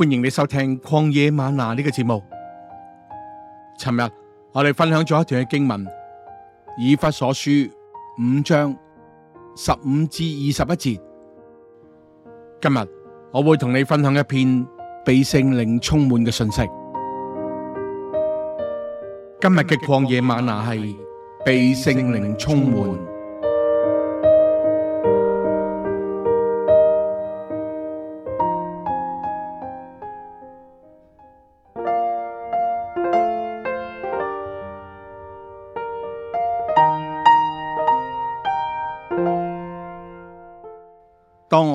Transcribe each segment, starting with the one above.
歡迎你收聽曠野嗎哪呢個節目。尋日我哋分享咗一段嘅經文，以弗所書五章十五至二十一節。今日我會同你分享一篇被聖靈充滿嘅信息。今日嘅曠野嗎哪係被聖靈充滿。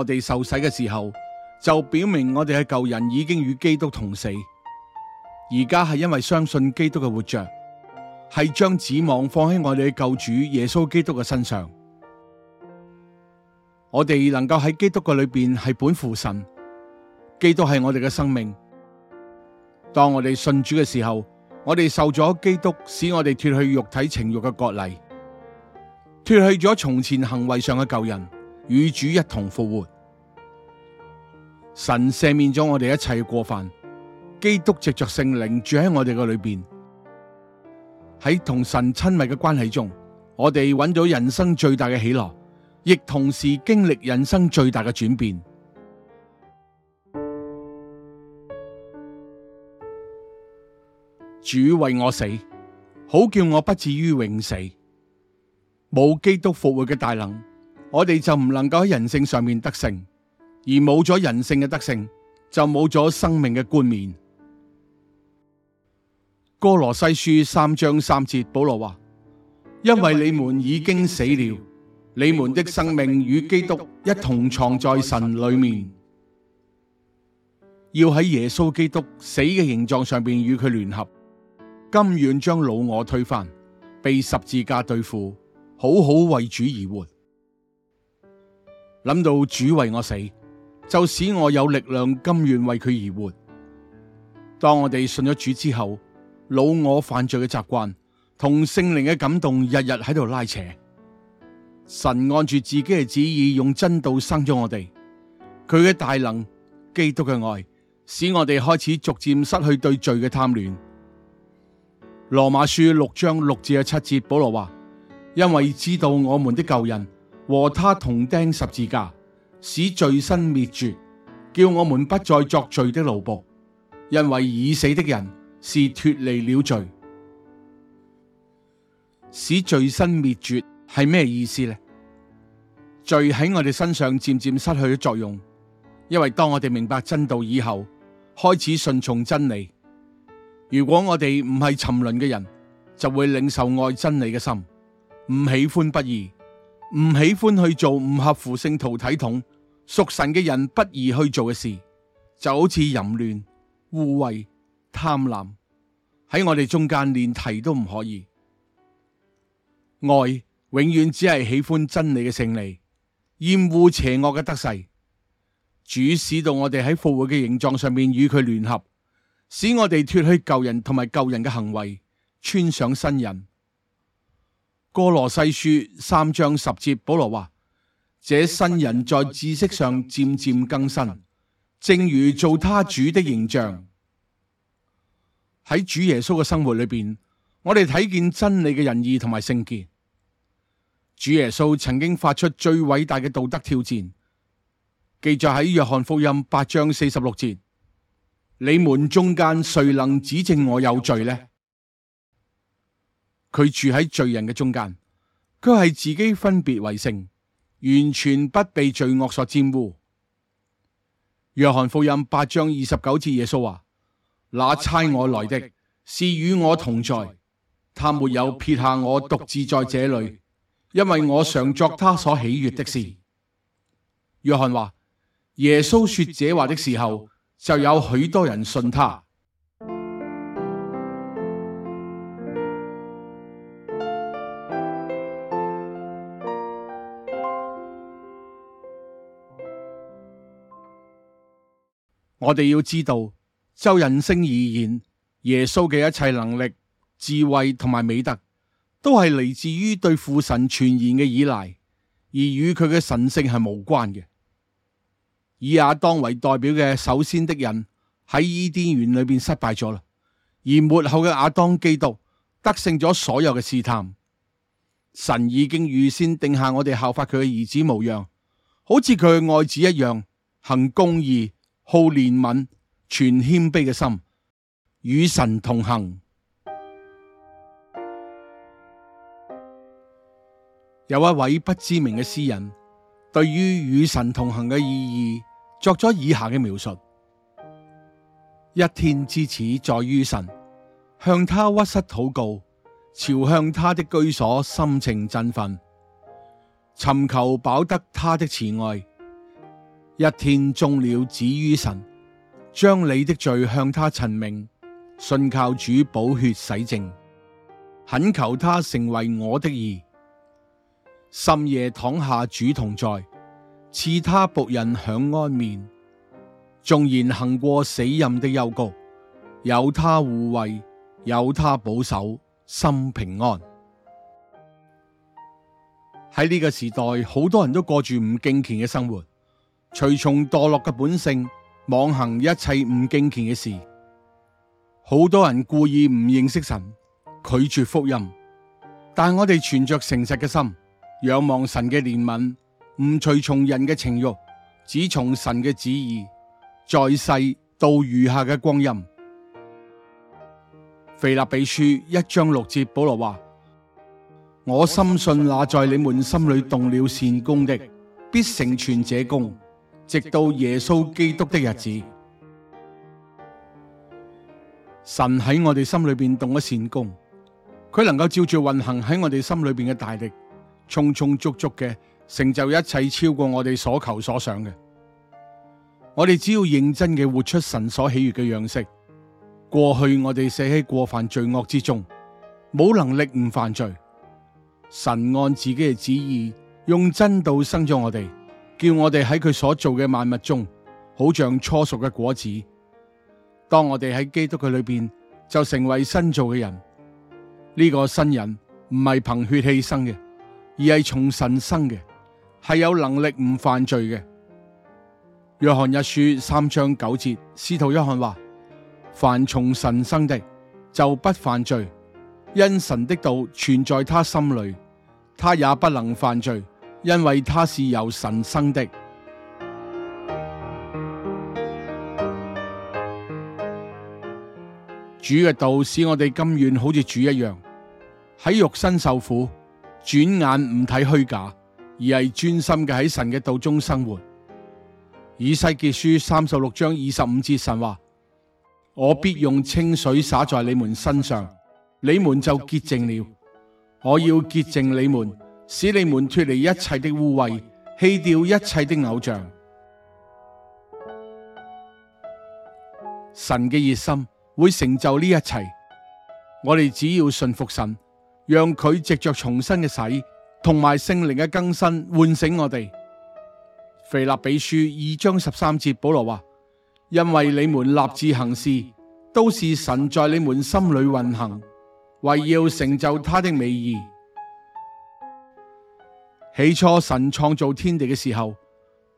我哋受洗嘅時候，就表明我哋嘅舊人，已經與基督同死。而家係因為相信基督嘅活着，係將指望放喺我哋嘅救主耶穌基督嘅身上。我哋能夠喺基督嘅裏邊係本乎神，基督係我哋嘅生命。當我哋信主嘅時候，我哋受咗基督，使我哋脫去肉體情欲嘅割禮，脫去咗從前行為上嘅舊人，與主一同復活，神赦免咗我哋一切嘅過犯。基督藉着聖靈住喺我哋嘅裏邊，喺同神親密嘅關係中，我哋揾咗人生最大嘅喜樂，亦同時經歷人生最大嘅轉變。主為我死，好叫我不至於永死。冇基督復活嘅大能，我哋就唔能夠喺人性上面得勝，而冇咗人性嘅得勝，就冇咗生命嘅冠冕。哥羅西書三章三節，保羅話：因為你們已經死了，你們的生命與基督一同藏在神裏面，要喺耶穌基督死嘅形狀上邊與佢聯合，甘願將老我推翻，被十字架對付，好好為主而活。諗到主為我死，就使我有力量甘願為佢而活。當我哋信咗主之後，老我犯罪嘅習慣同聖靈嘅感動，日日喺度拉扯。神按住自己嘅旨意，用真道生咗我哋。佢嘅大能、基督嘅愛，使我哋開始逐漸失去對罪嘅貪戀。羅馬書六章六至七節，保羅話：因為知道我們的舊人。和他同釘十字架，使罪身滅絕，叫我們不再作罪的奴僕。因為已死的人是脫離了罪。使罪身滅絕係咩意思呢？罪喺我哋身上漸漸失去咗作用，因為當我哋明白真道以後，開始順從真理。如果我哋唔係沉淪嘅人，就會領受愛真理嘅心，唔喜歡不義。唔喜歡去做唔合乎聖徒體統屬神嘅人不宜去做嘅事，就好似淫亂、污穢、貪婪，喺我哋中間連提都唔可以。愛永遠只係喜歡真理嘅勝利，厭惡邪惡嘅得勢。主使到我哋喺復活嘅形狀上面與佢聯合，使我哋脫去舊人同埋舊人嘅行為，穿上新人。歌羅西書三章十節，保羅話：，這新人在知識上漸漸更新，正如做他主的形象。喺主耶穌嘅生活裏邊，我哋睇見真理嘅仁義同埋聖潔。主耶穌曾經發出最偉大嘅道德挑戰，記載喺約翰福音八章四十六節：，你們中間誰能指證我有罪呢？佢住喺罪人嘅中間，佢係自己分別為聖，完全不被罪惡所玷污。約翰福音八章二十九節，耶穌話：那差我來的，是與我同在，他沒有撇下我獨自在這裡，因為我常作他所喜悦的事。約翰話：耶穌說這話的時候，就有許多人信他。我哋要知道，就人性而言，耶穌嘅一切能力、智慧同埋美德，都係嚟自於對父神傳言嘅依賴，而與佢嘅神性係無關嘅。以亞當為代表嘅首先的人喺伊甸園裏邊失敗咗啦，而末後嘅亞當基督得勝咗所有嘅試探。神已經預先定下我哋效法佢嘅兒子模樣，好似佢嘅愛子一樣行公義，好憐憫、存謙卑嘅心，與神同行。有一位不知名嘅詩人，對於與神同行嘅意義，作咗以下嘅描述：一天之始，在於神，向他屈膝禱告，朝向他的居所，心情振奮，尋求飽得他的慈愛。一天終了，止於神，將你的罪向他陳明，信靠主，寶血洗淨，懇求他成為我的義。深夜躺下，主同在，賜他僕人享安眠。縱然行過死蔭的幽谷，有他護衛，有他保守，心平安。喺呢個時代，好多人都過住唔敬虔嘅生活。隨從墮落嘅本性，妄行一切唔敬虔嘅事。好多人故意唔認識神，拒絕福音。但我哋存着誠實嘅心，仰望神嘅憐憫，唔隨從人嘅情欲，只從神嘅旨意，在世到餘下嘅光陰。腓立比書一章六節，保羅話：我深信那在你們心裏動了善工的，必成全這工。」直到耶穌基督的日子，神喺我哋心裏邊動咗善工。佢能夠照住運行喺我哋心裏邊嘅大力，充充足足嘅成就一切超過我哋所求所想嘅。我哋只要認真嘅活出神所喜悅嘅樣式。過去我哋死喺過犯罪惡之中，冇能力唔犯罪。神按自己嘅旨意，用真道生咗我哋。叫我哋喺佢所做嘅萬物中，好像初熟嘅果子。當我哋喺基督佢裏邊，就成為新造嘅人。呢、這個新人唔係憑血氣生嘅，而係從神生嘅，係有能力唔犯罪嘅。約翰一書三章九節，使徒約翰話：凡從神生的，就不犯罪；因神的道存在他心裏，他也不能犯罪。因為他是由神生的，主嘅道使我哋甘願好似主一樣，喺肉身受苦，轉眼唔睇虛假，而係專心嘅喺神嘅道中生活。以西結書三十六章二十五節神話：我必用清水灑在,在你們身上，你們就潔淨了。我要潔淨你們。使你們脫離一切的污穢，棄掉一切的偶像。神嘅熱心會成就呢一切，我哋只要順服神，讓佢藉着重生嘅洗同埋聖靈嘅更新喚醒我哋。腓立比書二章十三節，保羅話：因為你們立志行事，都是神在你們心裏運行，為要成就他的美意。起初神創造天地嘅時候，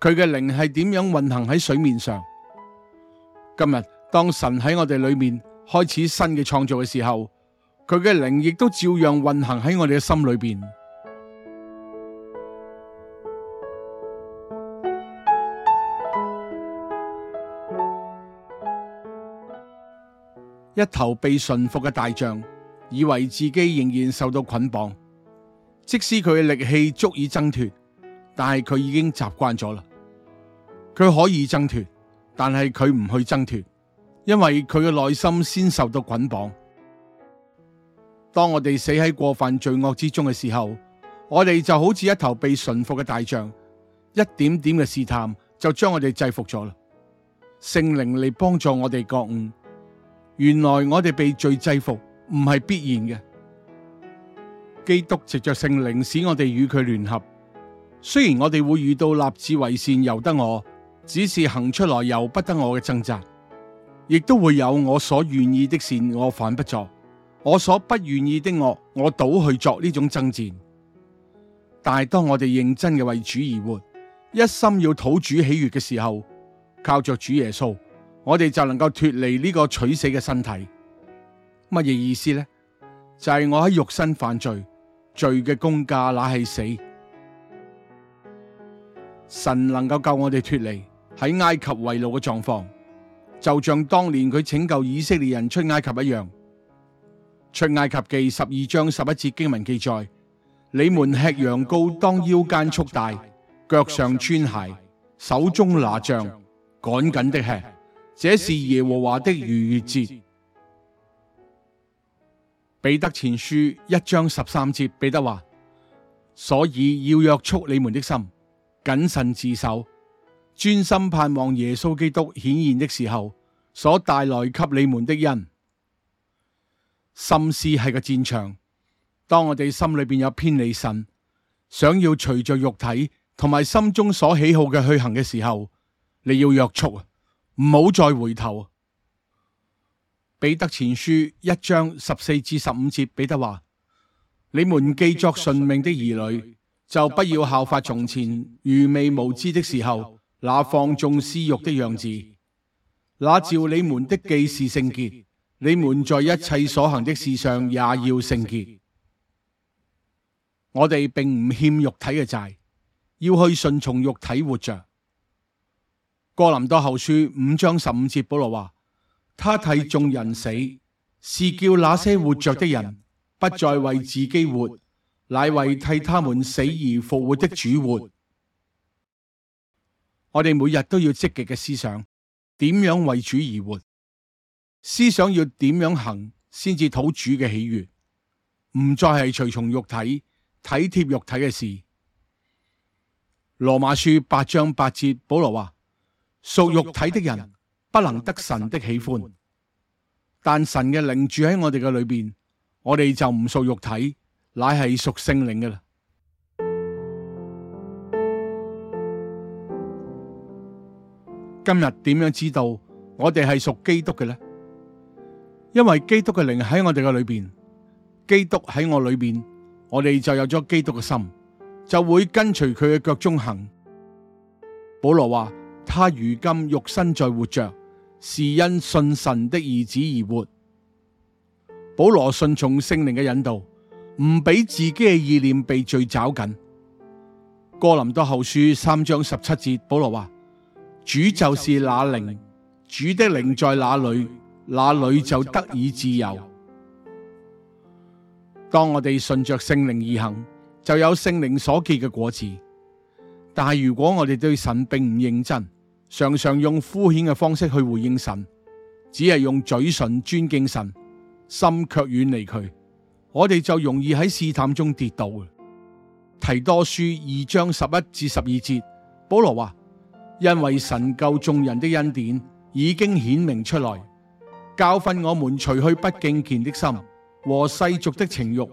佢嘅靈係點樣運行喺水面上？今日當神喺我哋裏面開始新嘅創造嘅時候，佢嘅靈亦都照樣運行喺我哋嘅心裏邊。 一頭被馴服嘅大象，以為自己仍然受到捆綁。即使佢嘅力氣足以掙脫，但係佢已經習慣咗啦。佢可以掙脫，但係佢唔去掙脫，因為佢嘅內心先受到捆綁。當我哋死喺過犯罪惡之中嘅時候，我哋就好似一頭被馴服嘅大象，一點點嘅試探就將我哋制服咗啦。聖靈嚟幫助我哋覺悟，原來我哋被罪制服唔係必然嘅。基督藉着聖靈使我哋與佢聯合，雖然我哋會遇到立志為善由得我，只是行出來由不得我嘅掙扎，亦都會有我所願意的善我反不作，我所不願意的惡我倒去作呢種爭戰。但係當我哋認真嘅為主而活，一心要討主喜悅嘅時候，靠着主耶穌，我哋就能夠脫離呢個取死嘅身體。乜嘢意思呢？就係、是、我喺肉身犯罪。罪嘅工價那係死，神能夠救我哋脱離喺埃及為奴嘅狀況，就像當年佢拯救以色列人出埃及一樣。出埃及記十二章十一節經文記載：你們吃羊羔，當腰間束帶，腳上穿鞋，手中拿杖，趕緊的吃，這是耶和華的逾越節。彼得前書一章十三節，彼得話：所以要約束你們的心，謹慎自守，專心盼望耶穌基督顯現的時候所帶來給你們的恩。心思係個戰場，當我哋心裏邊有偏離神，想要隨着肉體同埋心中所喜好嘅去行嘅時候，你要約束啊，唔好再回頭。彼得前書一章十四至十五節，彼得話：你們既作順命的兒女，就不要效法從前愚昧無知的時候那放縱私慾的樣子，那召你們的既是聖潔，你們在一切所行的事上也要聖潔。我哋並唔欠肉體嘅債，要去順從肉體活着。哥林多後書五章十五節，保羅話。他替眾人死，是叫那些活着的人不再為自己活，乃為替他們死而復活的主活。 我哋每日都要積極嘅思想，點樣為主而活？思想要點樣行先至討主嘅喜悦？唔再係隨從肉體、體貼肉體嘅事。羅馬書八章八節，保羅話：屬肉體的人。不能得神的喜歡，但神嘅靈住喺我哋嘅裏邊，我哋就唔屬肉體，乃係屬聖靈嘅啦。今日點樣知道我哋係屬基督嘅呢？因為基督嘅靈喺我哋嘅裏邊，基督喺我裏邊，我哋就有咗基督嘅心，就會跟隨佢嘅腳中行。保羅話，他如今肉身在活着。是因信神的兒子而活。保羅順從聖靈嘅引導，唔俾自己嘅意念被罪攪緊。哥林多後書三章十七節，保羅話：主就是那靈，主的靈在哪裡，那裡就得以自由。當我哋順着聖靈而行，就有聖靈所結嘅果子。但係如果我哋對神並唔認真。常常用敷衍嘅方式去回應神，只係用嘴唇尊敬神，心卻遠離佢，我哋就容易喺試探中跌倒。提多書二章十一至十二節，保羅話：因為神救眾人的恩典已經顯明出來，教訓我們除去不敬虔的心和世俗的情欲，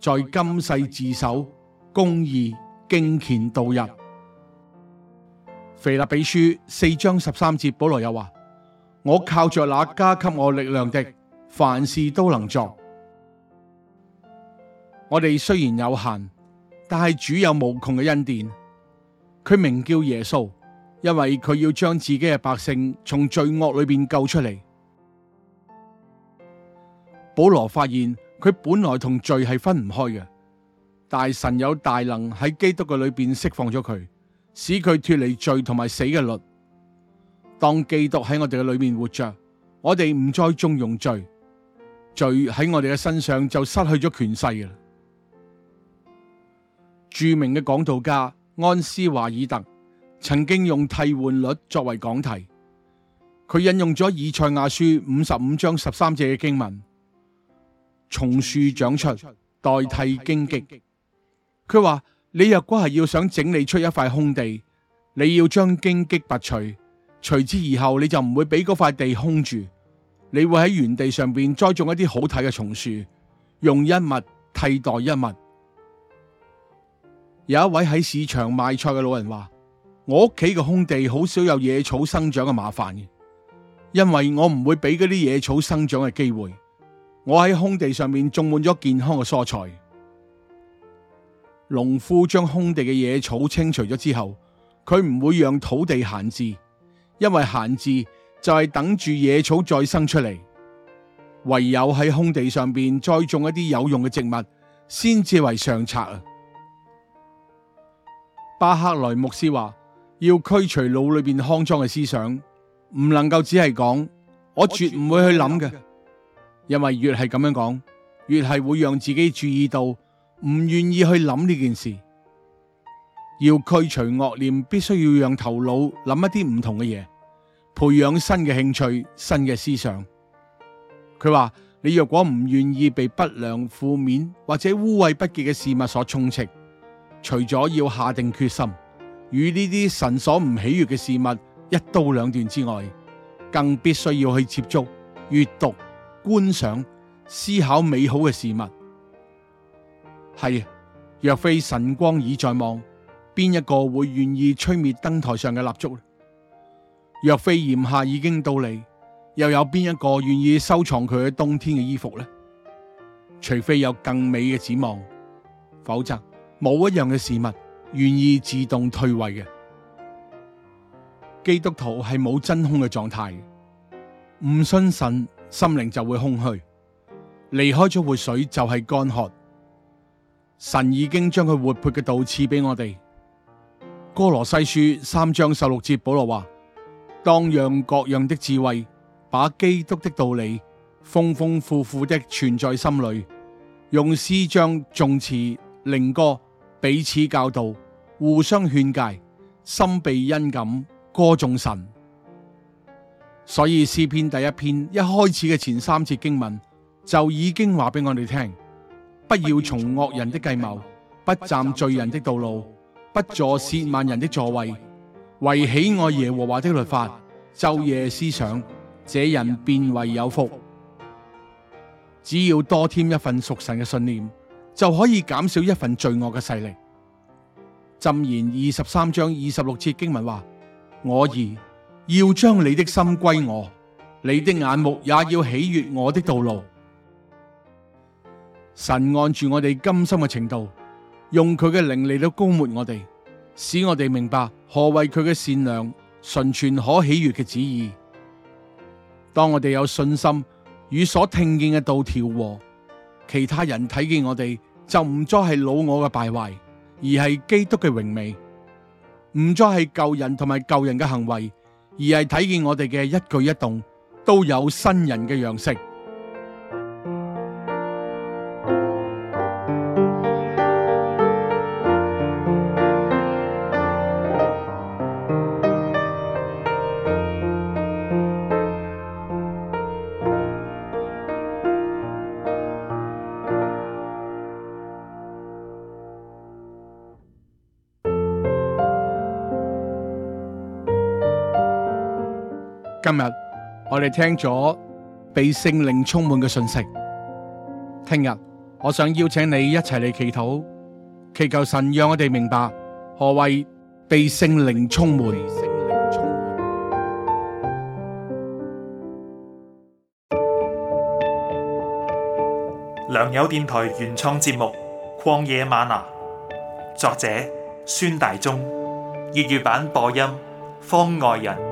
在今世自守，公義敬虔度日。腓立比書四章十三節，保羅又話：我靠着那加給我力量的，凡事都能做。我哋雖然有限，但係主有無窮嘅恩典，佢名叫耶穌，因為佢要將自己嘅百姓從罪惡裏邊救出嚟。保羅發現佢本來同罪係分唔開嘅，但神有大能喺基督嘅裏邊釋放咗佢。使佢脱離罪同埋死嘅律，當基督喺我哋嘅裏面活着，我哋唔再縱容罪，罪喺我哋嘅身上就失去咗權勢啦。著名嘅講道家安斯華爾特曾經用替換律作為講題，佢引用咗以賽亞書五十五章十三節嘅經文：松樹長出代替荊棘。佢話。你若果係要想整理出一塊空地，你要將荊棘拔除，隨之而後你就唔會俾嗰塊地空住，你會喺原地上面栽種一啲好睇嘅松樹，用一物替代一物。有一位喺市場賣菜嘅老人話：我屋企嘅空地好少有野草生長嘅麻煩，因為我唔會俾嗰啲野草生長嘅機會，我喺空地上面種滿咗健康嘅蔬菜。農夫將空地嘅野草清除咗之後，佢唔會讓土地閒置，因為閒置就係等住野草再生出嚟，唯有喺空地上邊栽種一啲有用嘅植物，先至為上策啊！巴克萊牧師話：要驅除腦裏邊骯髒嘅思想，唔能夠只係講我絕唔會去諗嘅，因為越係咁樣講，越係會讓自己注意到。唔願意去諗呢件事，要驅除惡念，必須要讓頭腦諗一啲唔同嘅嘢，培養新嘅興趣、新嘅思想。佢話：你若果唔願意被不良、負面或者污穢不潔嘅事物所充斥，除咗要下定決心與呢啲神所唔喜悦嘅事物一刀兩斷之外，更必須要去接觸、閱讀、觀賞、思考美好嘅事物。係啊，若非晨光已在望，邊一個會願意吹滅燈台上嘅蠟燭呢？若非炎夏已經到嚟，又有邊一個願意收藏佢喺冬天嘅衣服呢？除非有更美嘅展望，否則冇一樣嘅事物願意自動退位嘅。基督徒係冇真空嘅狀態，唔信神心靈就會空虛，離開咗活水就係乾渴。神已經將佢活潑嘅道賜俾我哋。歌羅西書三章十六節，保羅話：當讓各樣的智慧，把基督的道理豐豐富富的存在心裏，用詩章、頌詞、靈歌彼此教導，互相勸戒，心被恩感歌頌神。所以詩篇第一篇一開始嘅前三節經文就已經話俾我哋聽。不要從惡人的計謀，不站罪人的道路，不坐褻慢人的座位，為喜愛耶和華的律法，晝夜思想，這人便為有福。只要多添一份屬神嘅信念，就可以減少一份罪惡嘅勢力。箴言二十三章二十六節經文話：我兒，要將你的心歸我，你的眼目也要喜悅我的道路。神按住我哋甘心嘅程度，用佢嘅靈嚟到澆沒我哋，使我哋明白何為佢嘅善良、純全、可喜悦嘅旨意。當我哋有信心與所聽見嘅道調和，其他人睇見我哋就唔再係老我嘅敗壞，而係基督嘅榮美；唔再係舊人同埋舊人嘅行為，而係睇見我哋嘅一舉一動都有新人嘅樣式。今日我哋聽咗被聖靈充滿嘅信息，聽日我想邀請你一齊嚟祈禱，祈求神讓我哋明白何謂被聖靈充滿。良友電台原創節目《曠野嗎哪》，作者孫大中，粵語版播音方外人。